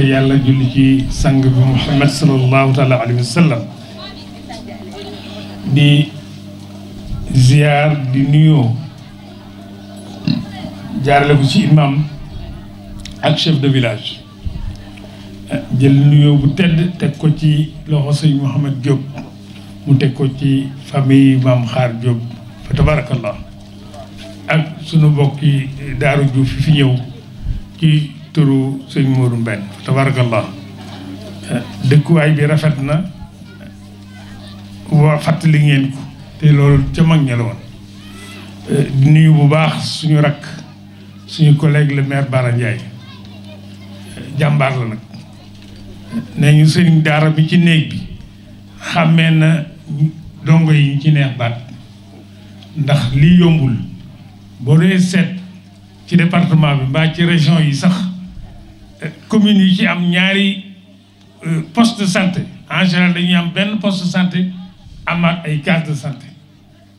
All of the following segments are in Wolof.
yàlla julli ci sang bi muhammad sallallahu taala alayhi wa sallam di ziar di nuyoo jaarale ko ci imam ak chef de village jël nuyoo bu tedd teg ko ci loxo sëñ Mouhamed mu teg ko ci famille maam xaar Diop fa tabarakallah ak sunu mbokki daaru Diouf fi ñëw ci turu sëñ Modou Mbène tabarakallah dëkkuwaay bi rafet na waa fàttali ngeen ko te loolu ca mag ña la woon di nuyu bu baax suñu rakk suñu collègue le maire Bara jàmbaar la nag nee ñu sëñ daara bi ci néeg bi xàmmee na dongo yi ñu ci neex baat ndax lii yombul boo dee seet ci département bi mbaa ci région yi sax communes yi ci am ñaari euh, poste de santé en général dañuy am benn poste de santé am ay case de santé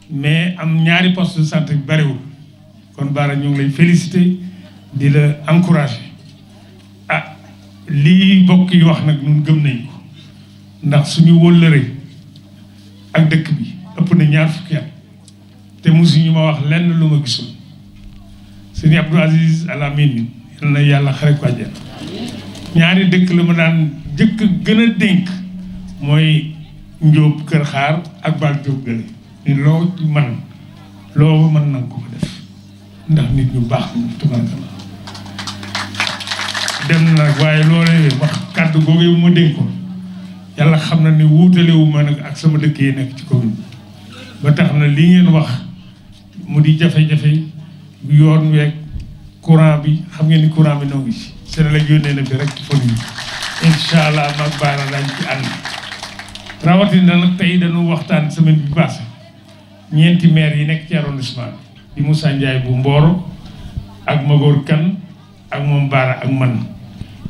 mais am ñaari post de santé bi bariwul kon Bara ñoom ngi lay féliciter di la encourager ah lii mbokk yi wax nag ñun gëm nañ ko ndax suñu wóllëre ak dëkk bi ëpp na ñaar fukki at te musuñu ma wax lenn lu ma gisul sëñ Abdou Aziz Al bi na yàlla xare ko àjjana ñaari dëkk la ma daan jëkk a gën a dénk mooy njóob kër xaar ak baal jóob gële ni loo man loo mën nanga ko def ndax nit ñu baax ñu tubankala dem na waaye loolee wax kàddu googu ma dénk ko yàlla xam na ni wuutalewu ma nag ak sama dëkk yi nekk ci commune ba tax na li ngeen wax mu di jafe-jafe yoon weeg courant bi xam ngeen ni courant bi noo ngi si Sénélec yónnee na rek ci fan yii allah maag baara daañu ci ànd rawatina nag tey dañu waxtaan semaine bi passé ñeenti maire yi nekk ci arrondissement bi di Moussa Ndiaye bu Mboro ak Magor kan ak moom Baara ak man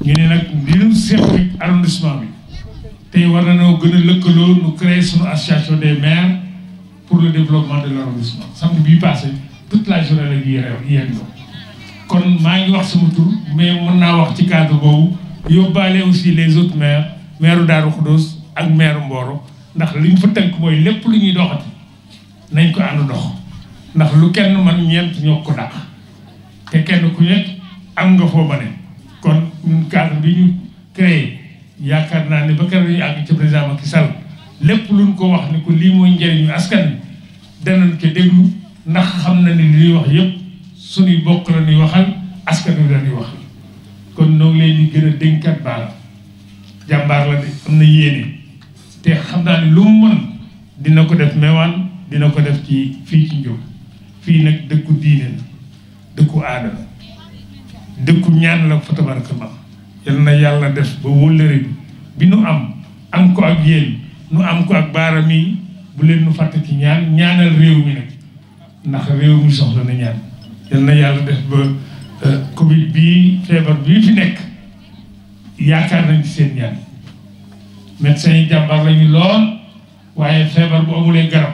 ñu ne nag li ñu seq arrondissement bi tey war nañoo gën a lëkkaloo nu créer suñu association des maires pour le développement de l' arrondissement samedi bii passé la journée la ñuy yéen kon maa ngi wax sama tur mais mën naa wax ci cadre boobu yóbbaale aussi les autres maires maire Daaru Xudus ak maire Mboro ndax li ñu fa tënk mooy lépp lu ñuy doxati nañ ko ànd ndax lu kenn man ñeent ñoo ko dàq te kenn ku nekk am nga foo ma kon cadre bi naa ne ba keroog ñu àgg ci président Macky Sall lépp luñ ko wax ni ko lii mooy njëriñu askan wi danañ ko déglu ndax xam na ni li ñuy wax yépp suñuy bokk la ñuy waxal askan wi la ñuy wax kon noo ngi leen gën a dénkaat baal jàmbaar la de am na yéene te xam naa ne lu mu mën dina ko def meewaan dina ko def ci fii ci Ndiob fii nag dëkku diine la dëkku aada dëkku ñaan la fa tabarakallah yal na yàlla def ba wóllëre bi nu am am ko ak yéen nu am ko ak baaram yi bu leen nu fàtte ci ñaan ñaanal réew mi nag ndax réew mi soxla na ñaan yal na yàlla def ba euh, Covid bii feebar bii fi nekk yaakaar nañ ci seen ñaan médecins yi jàmbaar lañu lool waaye feebar bu amulee garab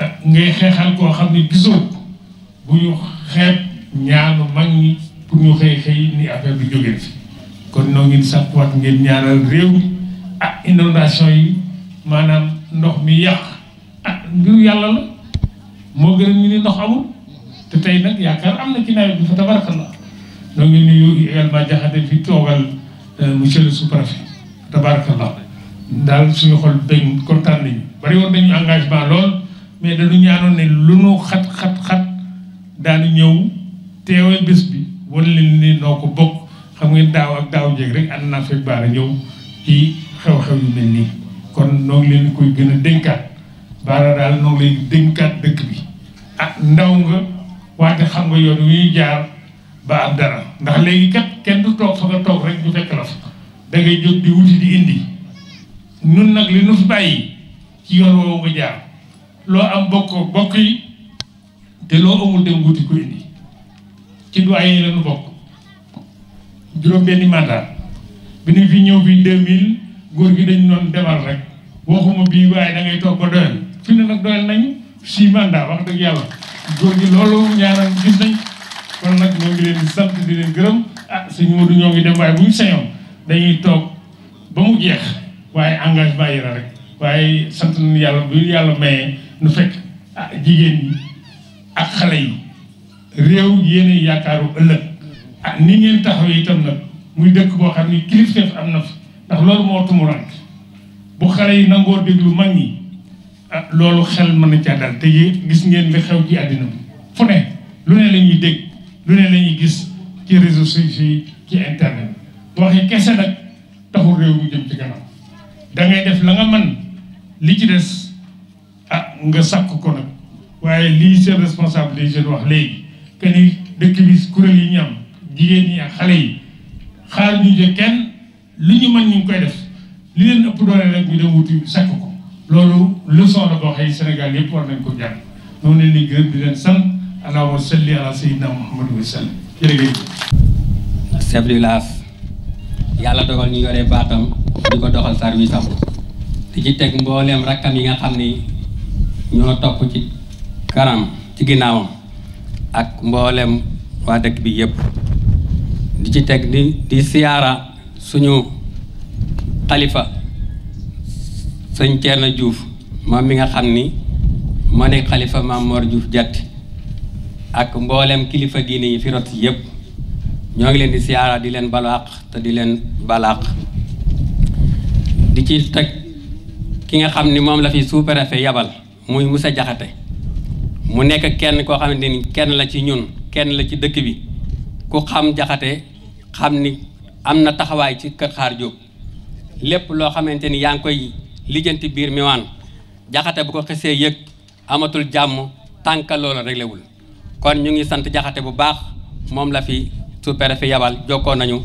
euh, ngay xeexal koo xam ne gisoo bu ñu xeeb ñaanu mag ñi pour ñu xëy xëy ni affaire bi jógee fi kon noo ngi sàkkuwaat ngeen ñaanal réew mi ak inondation yi maanaam ndox mi yàq ah mbiru yàlla la moo gën a ñu ni ndox amul te tey nag yaakaar am na ci nawet bi fa tabarakallah ñoo ngi nuyu également euh, suñu xol dañ kontaan nañu bari engagement mais dañu ñaanoon ne lu nu xat xat xat ñëw teewee bés bi wala leen ni xam ngeen daaw ak daaw rek naa fekk baara ñëw ci xew noo ngi leen koy gën a dénkaat baara daal noo ngi leen dëkk bi ah ndaw nga wante xam nga yoon wi jaar ba am dara ndax léegi kat kenn du toog fa nga toog rek du fekk la fa da ngay di wuti di indi nun nag li nu fi bàyyi yoon woowu nga jaar loo am bokk bokk yi te loo amul dem wuti ko indi ci du ay lañu bokk juróom-benni mandat bi ñu fi ñëw fi 2000 góor gi dañu doon demal rek waxuma bii waaye dangay ngay toog ba doyal fi ne nag doyal nañu si mandat wax dëgg yàlla. góor gi loolu ñaanam gis nañ kon nag ñoo ngi leen di sant di leen gërëm ah suñu Modou ñoo ngi dem waaye bu ñu sañoon dañuy toog ba mu jeex waaye engagement yi la rek waaye sant nañu yàlla bu yàlla mayee nu fekk ah jigéen yi ak xale yi réew yéen yaakaaru ëllëg ah ni ngeen taxaw itam nag muy dëkk boo xam ni kilifteef am na fi ndax loolu moo tumurant bu xale yi nangoo déglu mag ñi ah loolu xel mën na caa daal te gis ngeen li xew ci àddina fu ne lu ne la ñuy dégg lu ne la gis ci réseau sociaux ci internet waxi kese nag taxul réew mu jëm ci kanam da def la nga mën li ci des ah nga sàkk ko nag waaye lii seen responsable des jeunes wax léegi que ni dëkk bi kuréel yi ñu am jigéen ñi ak xale yi xaar ñu jëkk kenn lu ñu mën ñu ngi koy def li leen ëpp doole rek ñu dem wuti sàkk ko. loolu lu la boo xëy Sénégal yëpp war nañ ko jàng noonu leen di gërëm di leen sant allahumma salli ala sayyidina Muhammad wa sallam jërëjëf du village yàlla dogal ñu yore baatam di ko doxal service am di ci teg mbooleem rakkam yi nga xam ni ñoo topp ci kanam ci ginnaawam ak mbooleem waa dëkk bi yëpp di ci teg di di siyaara suñu xalifa sëñ Thierno juuf moom mi nga xam ni ma nekk xalifa Maam Mor Diouf Diatty ak mboolem kilifa diine yi fi rot yëpp ñoo ngi leen di siyaara di leen balaax te di leen balaax di ci teg ki nga xam ni moom la fi sous-préfet yabal muy Moussa Jaxate mu nekk kenn koo xamante ni kenn la ci ñun kenn la ci dëkk bi ku xam Jaxate xam ni am na taxawaay ci Kër Xaar Jóob lépp loo xamante ni yaa ngi koy lijjanti biir miwaan jaxate bu ko xesee yëg amatul jàmm tànka loola réglé kon ñu ngi sant jaxate bu baax moom la fi sous-préfet yabal jokkoo nañu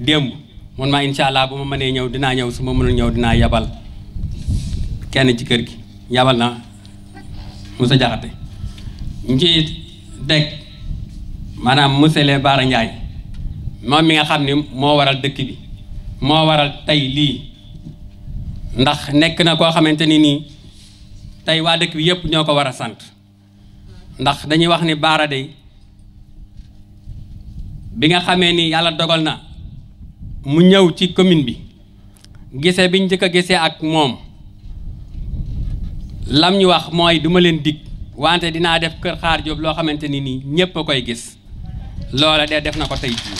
démb mun ma incha allah bu ma mënee ñëw dinaa ñëw su ma mënul ñëw dinaa yabal kenn ci kër gi yabal na monsieur jaxate maanaam monsieur le Baara Ndiaye moom mi nga xam ni moo waral dëkk bi moo waral tey lii ndax nekk na koo xamante ni nii tey waa dëkk bi yëpp ñoo ko war a sant ndax dañuy wax ni Baara de bi nga xamee ni yàlla dogal na mu ñëw ci commune bi gisee bi njëkk a gisee ak moom lam ñu wax mooy duma leen dig wante dinaa def kër xaar Jóob loo xamante ni nii ñépp a koy gis loola de def na ko tey jii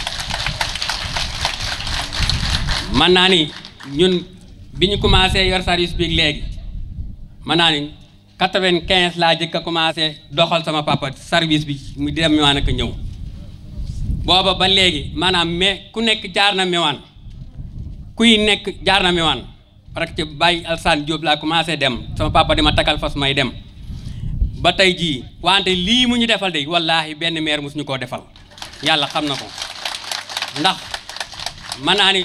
naa ni ñun bi ñu commencé yor service bi léegi mën naa ni quatre-vingt-quinze laa jëkk a commencé doxal sama papa service bi mu dem Méouane ak ñëw booba ba léegi maanaam mais ku nekk jaar na Méouane kuy nekk jaar na Méouane parce que Baye Alsane Diop laa commencé dem sama papa di ma takkal su may dem ba tey jii wante lii mu ñu defal de wallaahi benn maire mosuñu koo defal yàlla xam na ko ndax mën naa ni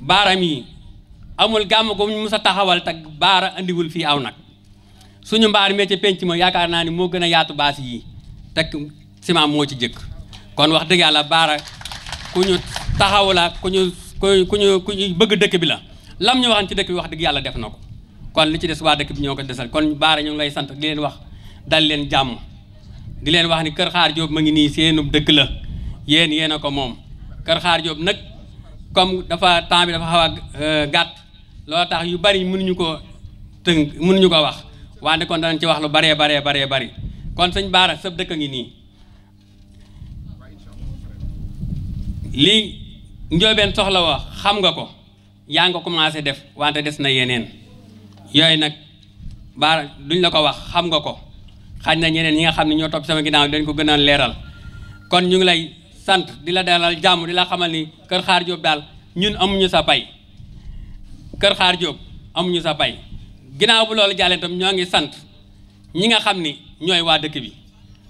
baaram yi amul gàmm gu mu sa taxawal te baara indiwul fii aw nag suñu mbaar mee ca penc ma yaakaar naa ni moo gën a yaatu baas yi te ciment moo ci jëkk kon wax dëgg yàlla baara ku ñu taxaw la ku ñu ku ñu ku ñu bëgg dëkk bi la lam ñu waxan ci dëkk bi wax dëgg yàlla def na ko kon li ci des waa dëkk bi ñoo ko desal kon baara ñu ngi lay sant di leen wax dal leen jàmm di leen wax ni Kër Xaar Jóob ma ngi nii seenub dëkk la yéen yéen a ko moom Kër Xaar Jóob nag loolu tax yu bari mënuñu ko tënk mënuñu ko wax wante kon danañ ci wax lu baree baree baree bari kon sëñ Baara sëb dëkk a ngi nii lii njóobeen soxla wax xam nga ko yaa nga commencé def wante des na yeneen yooyu nag Baara duñ la ko wax xam nga ko xañ na ñeneen ñi nga xam ne ñoo topp sama ginnaaw dañ ko gën a leeral kon ñu ngi lay sant di la dalal jàmm di la xamal ni Kër Xaar Jóob daal ñun amuñu sa pay Kër Xaar Jóob amuñu sa bay ginnaaw bu loolu jàllee itam ñoo ngi sant ñi nga xam ni ñooy waa dëkk bi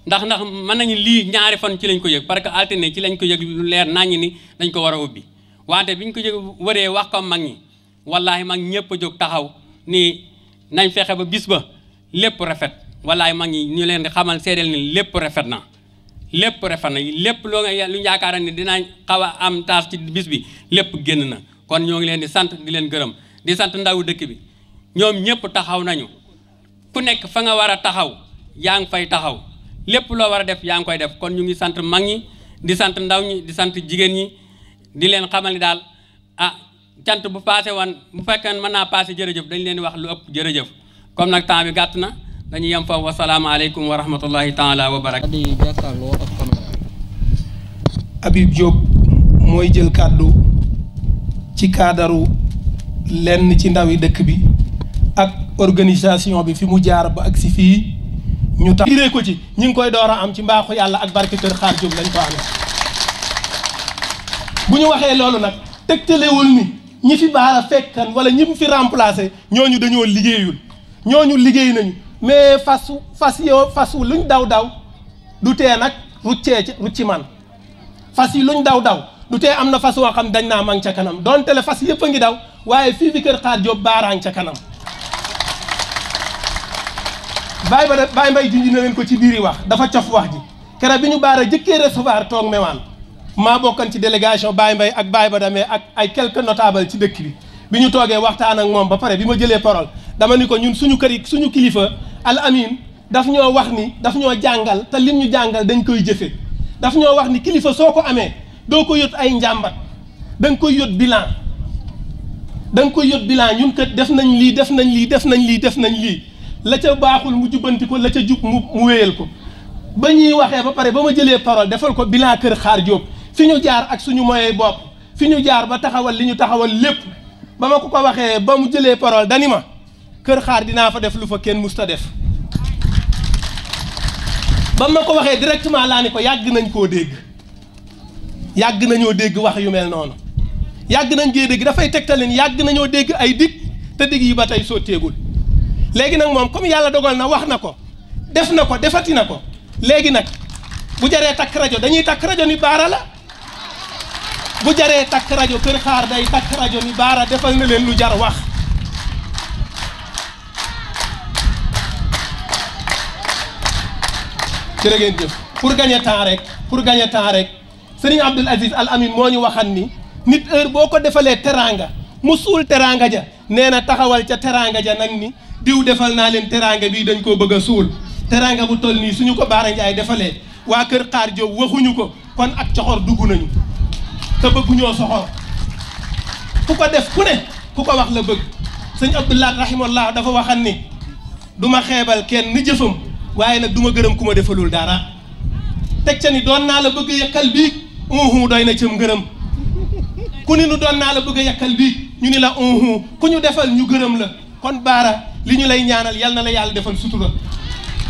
ndax ndax mën nañu lii ñaari fan ci lañ ko yëg parce que altine ci lañ ko yëg lu leer naññi ni dañ ko war a ubbi wante bi biñ ko yëg wëree wax ko mag ñi wallaahi mag ñëpp a jóg taxaw nii nañ fexe ba bis ba lépp rafet wallaahi mag ñi ñu leen di xamal seedeel ni lépp rafet na lépp rafet na lépp loo nga lu ñu yaakaar ni dinañ xaw a am taas ci bis bi lépp génn na kon ñoo ngi leen di sant di leen gërëm di sant ndawu dëkk bi ñoom ñëpp taxaw nañu ku nekk fa nga war a taxaw yaa ngi fay taxaw lépp loo war a def yaa ngi koy def kon ñu ngi sant mag ñi di sant ndaw ñi di sant jigéen ñi di leen xamal ni daal ah sant bu paase wan bu fekkee mën naa paase jërëjëf dañ leen wax lu ëpp jërëjëf comme nag temps bi gàtt na dañu yem foofu wasalaamaaleykum wa rahmatullahi taala wa baraka Habib Diop mooy jël kàddu ci kaadaru lenn ci ndawi dëkk bi ak organisation bi fi mu jaar ba ak si fii ñu tax diree ko ci ñi ngi koy door a am ci mbaaxu yàlla ak barke xaar jub lañ ko amee bu ñu waxee loolu nag tegtalewul ni ñi fi baara fekkan wala ñi mu fi remplacé ñooñu dañoo liggéeyul ñooñu liggéey nañu mais fasu fas yoo fas luñ daw daw du tee nag ruccee ci rucci man fas yi luñ daw daw du tee am na fas woo xam dañ naa mang ca kanam donte le fas yëpp a ngi daw waaye fii fi kër xaar Jóob baaraang ca kanam bàyyi ba de bàyyi mbay junj na leen ko ci biiri wax dafa cof wax ji kere bi ñu baara jëkkee recevoir toog mewaan maa bokkan ci délégation Baye Mbaye ak Baye Badame ak ay quelques notables ci dëkk bi bi ñu toogee waxtaan ak moom ba pare bi ma jëlee parole dama ni ko ñun suñu kër yi suñu kilifa al amin daf ñoo wax ni daf ñoo jàngal te lim ñu jàngal dañ koy jëfe daf ñoo wax ni kilifa soo ko amee doo ko yót ay njàmbat da nga koy yót bilan da nga koy yót bilan ñun kat def nañ lii def nañ lii def nañ lii def nañ lii la ca baaxul mu jubbanti ko la ca jub mu mu wéyal ko ba ñuy waxee ba pare ba ma jëlee parole defal ko bilan kër xaar jóob fi ñu jaar ak suñu moyen bopp fi ñu jaar ba taxawal li ñu taxawal lépp ba ma ko ko waxee ba mu jëlee parole dani ma kër xaar dinaa fa def lu fa kenn musta def ba ma ko waxee directement laa ne ko yàgg nañ koo dégg yàgg nañoo dégg wax yu mel noonu yàgg nañ gee dégg dafay tegtal leen yàgg nañoo dégg ay dig te dig yi ba tey sotteegul léegi nag moom comme yàlla dogal na wax na ko def na ko defati na ko léegi nag bu jaree takk rajo dañuy takk rajo ni baara la bu jaree takk rajo kër xaar day takk rajo ni baara defal na leen lu jar wax jërë ngeen jëf pour gagner rek pour gagner temps rek sëriñ Abdul Aziz Al Amin moo ñu waxan ni nit heure boo ko defalee teraanga mu suul teraanga ja nee na taxawal ca teraanga ja nag ni diw defal naa leen teraanga bii dañ koo bëgg a suul teraanga bu toll nii suñu ko Baara Ndiaye defalee waa Kër Xaar Jóob waxuñu ko kon ak coxor dugg nañu te bëgguñoo soxor ku ko def ku ne ku ko wax la bëgg sëñ Abdoulaye rahimahullah dafa waxan ni duma ma xeebal kenn ni jëfam waaye nag duma gërëm ku ma defalul dara teg ca ni doon unhu doy na cëm ngërëm ku ni nu doon naa la bëgg a yàkkal bii ñu ni la unhu ku ñu defal ñu gërëm la kon baara li ñu lay ñaanal yal na la yàlla defal sutura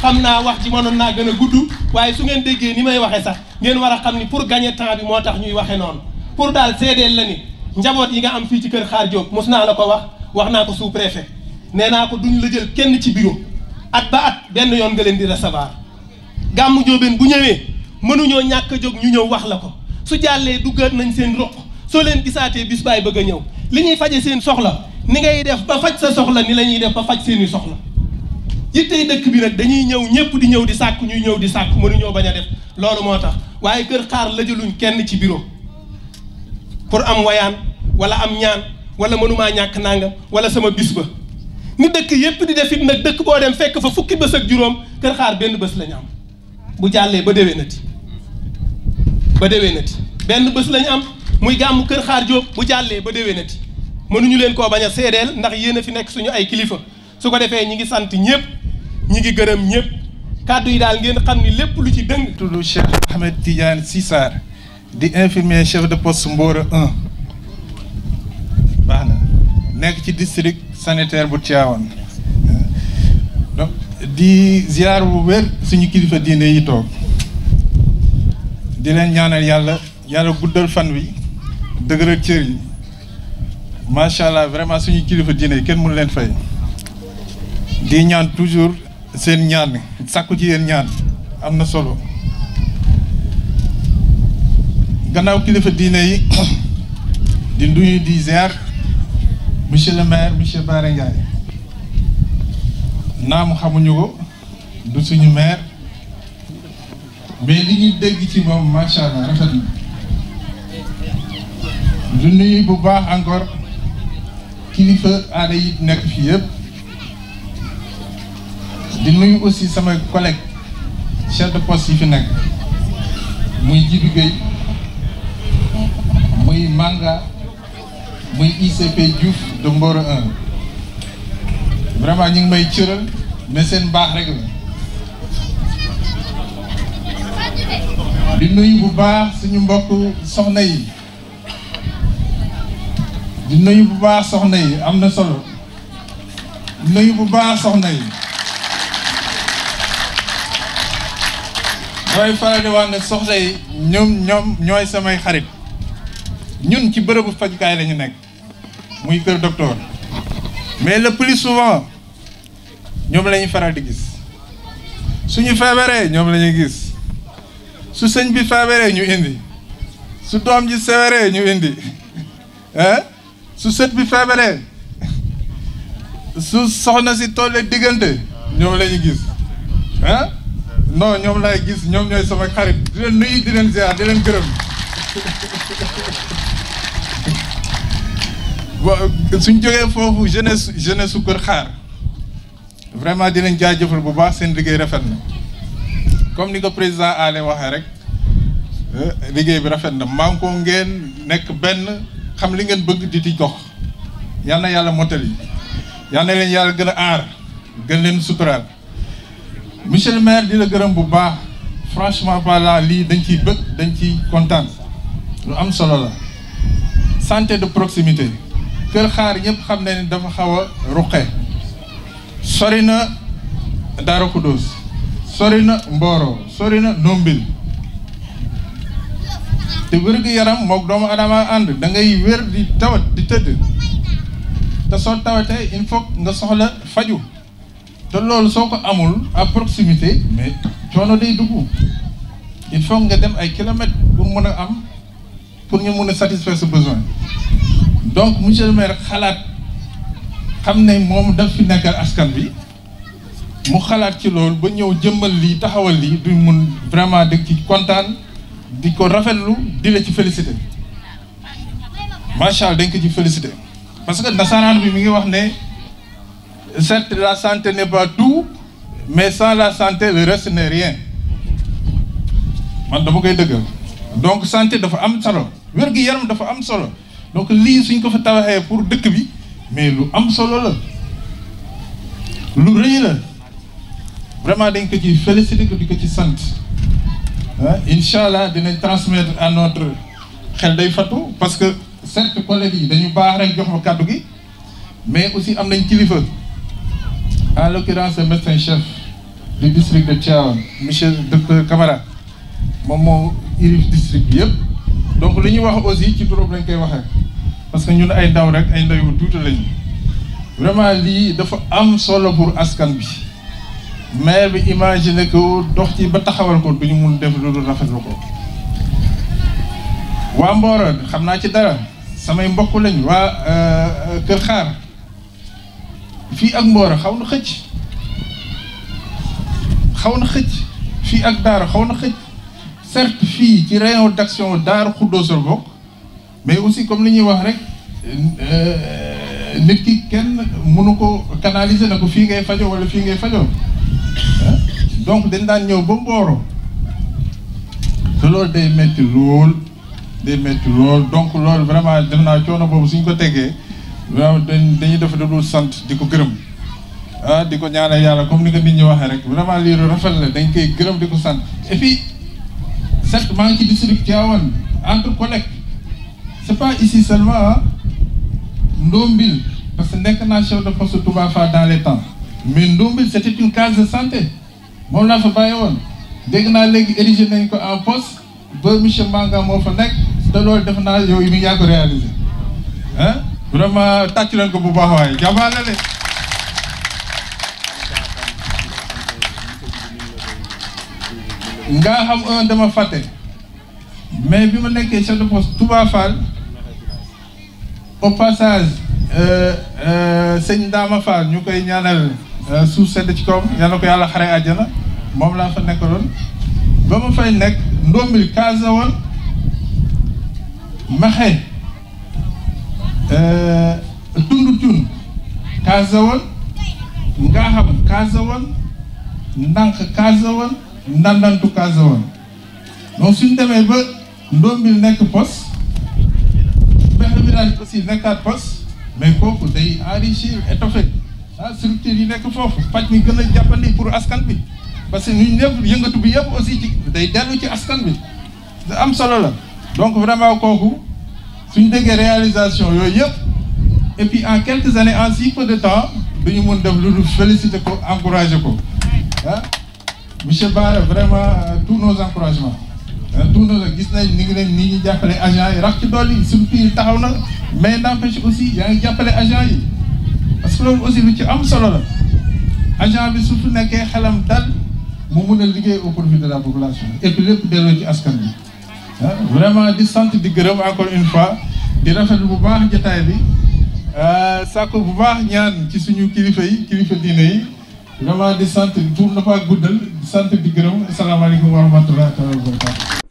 xam naa wax ji mënoon naa gën a gudd waaye su ngeen déggee ni may waxee sax ngeen war a xam ni pour gagner temps bi moo tax ñuy waxee noonu pour daal seedeel la ni njaboot yi nga am fii ci kër Xaar Diop mos naa la ko wax wax naa ko sous préfet nee naa ko duñ la jël kenn ci bureau at ba at benn yoon nga leen di recevoir gàmmu joobeen bu ñëwee mënuñoo ñàkk a ñu ñëw wax la ko su jàllee duggaat nañ seen ruq soo leen gisaatee bis baay bëgg a ñëw li ñuy faje seen soxla ni ngay def ba faj sa soxla ni la ñuy def ba faj seeni soxla yittey dëkk bi nag dañuy ñëw ñëpp di ñëw di sàkk ñuy ñëw di sàkk mënuñoo bañ a def loolu moo tax waaye kër xaar jëluñ kenn ci bureau pour am wayaan wala am ñaan wala mënumaa ñàkk nangam wala sama bis ba ni dëkk yépp di def it nag dëkk boo dem fekk fa fukki bés ak juróom kër xaar benn bës la ñu am bu jàllee ba déwénati ba déwénati benn bés lañ am muy gàmmu kër xaar jóob bu jàllee ba déwénati mënuñu leen koo bañ a seedeel ndax yéen fi nekk suñu ay kilifa su ko defee ñi ngi sant ñëpp ñi ngi gërëm ñëpp kàddu yi daal ngeen xam ni lépp lu ci dëng. tudd Cheikh Ahmed Tidiane Sissar di infirmier chef de poste Mboro 1 baax na nekk ci district sanitaire bu Tivaouane donc di ziar bu wér suñu kilifa diine yi toog. di leen ñaanal yàlla yàlla guddal fan wi dëgëral cër yi macha allah vraiment suñu kilifa diine kenn mënu leen fay di ñaan toujours seen ñaan sàkku ci yéen ñaan am na solo gannaaw kilifa diine yi di nuyu di ziar monsieur le maire monsieur Bara Ndiaye naam xamuñu ko du suñu maire. mais li ñuy dégg ci moom macha allah rafet na du bu baax encore kilifa aada yi nekk fii yëpp di nuyu aussi sama collègue chef de poste yi fi nekk muy Djibi muy mànga muy ICP Diouf de Mboro 1 vraiment ñu ngi may cëral mais seen baax rek la. di nuyu bu baax suñu mbokk soxna yi di nuyu bu baax soxna yi am na solo di nuyu bu baax soxna yi damay yi ñoom ñoom ñooy samay xarit ñun ci bërëbu fajukaay lañu nekk muy kër docteur mais le plus souvent ñoom la faral di gis suñu feebaree ñoom lañuy gis su sëñ bi feebaree ñu indi su doom ji seweree ñu indi ah su sët bi feebaree su soxna si tollee diggante ñoom la ñu gis ah non ñoom laay gis ñoom ñooy sama xarit di leen nuyu di leen ziar di leen gërëm suñ jógee foofu jeunesse jeunesse su Kër Xaar vraiment di leen jaajëfal bu baax seen liggéey rafet na. comme ni ko président Allé waxee rek eh, liggéey bi rafet na maam ko ngeen nekk benn xam li ngeen bëgg di di dox yal yàlla motali yal na yàlla gën a aar gën leen suturaal monsieur maire di la gërëm bu baax franchement voilà lii dañ ciy bëgg dañ ciy kontaan lu am solo la santé de proximité kër xaar ñëpp xam ne ni dafa xaw a ruqe sori na Daaru Xudoos sori na Mboro sori na Ndombil te wérgu yaram mook doomu adama ànd da ngay wér di tawat di tëdd te soo tawatee il faut nga soxla faju te loolu soo ko amul à mais coono day dugg il faut nga dem ay kilomètres pour mën a am pour ñu mën a satisfaire ce besoin donc monsieur le xalaat xam ne moom daf fi nekkal askan bi mu xalaat ci loolu ba ñëw jëmbal lii taxawal lii duñ mun vraiment di ci kontaan di ko rafetlu di la ci félicité macha allah dañ ko ci félicité parce que nasaraan bi mi ngi wax ne certes la santé n'est pas tout mais sans la santé le reste n'est rien man dama koy dëggal donc santé dafa am solo wér-gu-yaram dafa am solo donc lii suñ ko fa tabaxee pour dëkk bi mais lu am solo la lu rëy la vraiment dañ ko ci félicité ko di ko ci sant ah incha allah dinañ transmettre à notre xel day fattu parce que certes collègues yi dañu baax rek jox ma kàddu gi mais aussi am nañ kilifa en l'occurrence le médecin chef du district de Tivaouane monsieur docteur Camara moom moo irif district bi yëpp donc li ñuy wax aussi ci turam lañ koy waxee parce que ñun ay ndaw rek ay ndaw yu tuuti lañu vraiment lii dafa am solo pour askan bi. maire bi imaginer ko dox ci ba taxawal ko ñu mun def lu dul rafetlu ko waa mboora xam naa ci dara samay mbokk lañ waa euh, Kër Xaar fii ak Mboro xaw na xëcc xaw na xëcc fii ak Daara xaw na xëcc certes fii ci rayon d'action Daaru Xuddoos la bokk mais aussi comme li ñuy wax rek euh, nit ki kenn mënu ko canaliser na ko fii ngay fajo wala fii ngay fajo donc dañ daan ñëw ba Mboro te loolu day métti lool day métti lool donc loolu vraiment def naa coono boobu suñ ko tegee waaw dañu def dul sant di ko gërëm ah di ko ñaanal yàlla comme ni ko nit ñi waxee rek vraiment lii rafet la dañ koy gërëm di ko sant et set certes maa ngi ci district Tivaouane entre collègues c' est pas ici seulement ah Ndombil parce que nekk naa chef de poste Touba Fall les temps mais Ndombil c'était une case de santé moom laa fa bàyyi woon dégg naa léegi érigé nañ ko en poste ba monsieur Manga moo fa nekk te loolu def naa yow mi yaa ko réalisé ah vraiment tàcc leen ko bu baax waaye jàmbaar la de ngaa xam un dama fàtte mais bi ma nekkee chef de poste Touba Fall au passage euh, euh, sëñ Ndama Fall ñu koy ñaanal Euh, suuf sedd ci kawam yal na ko yàlla xare àjjana moom laa fa nekkaloon ba ma fay nekk ndombil kaasa woon maxe euh, tund tun kaasa woon ngaaxam kaasa woon ndànk kaasa woon ndandantu kaasa woon suñ demee ba ndombil nekk pos bexe village aussi nekkaat pos mais kooku day enrichir étoffé ah structure yi nekk foofu paj mi gën a jàppandi pour askan bi parce que ñu ñëpp yëngatu bi yëpp aussi ci day dellu ci askan bi da am solo la donc vraiment kooku suñ déggee réalisation yooyu yëpp et puis en quelques années en si peu de temps dañu mën def lu féliciter ko encourager ko ah monsieur Bara vraiment euh, tous nos encouragements tous nos gis nañ ni ngi leen ni ñu jàppale agents yi rax ci dolli structure taxaw na mais n'empêche aussi yaa ngi jàppale yi parce aussi lu ci am solo la agent bi su fi nekkee xelam dal mu mun a liggéey au profit de la population et puis lépp delloo ci askan bi ah, vraiment di sant di gërëm encore une fois di rafetlu bu baax jotaay bi ah, sàkku bu baax ñaan ci suñu kilifa yi kilifa diine yi vraiment di sant pour ne pas guddal di sant di gërëm asalaamaaleykum wa rahmatulah taala wa barakatu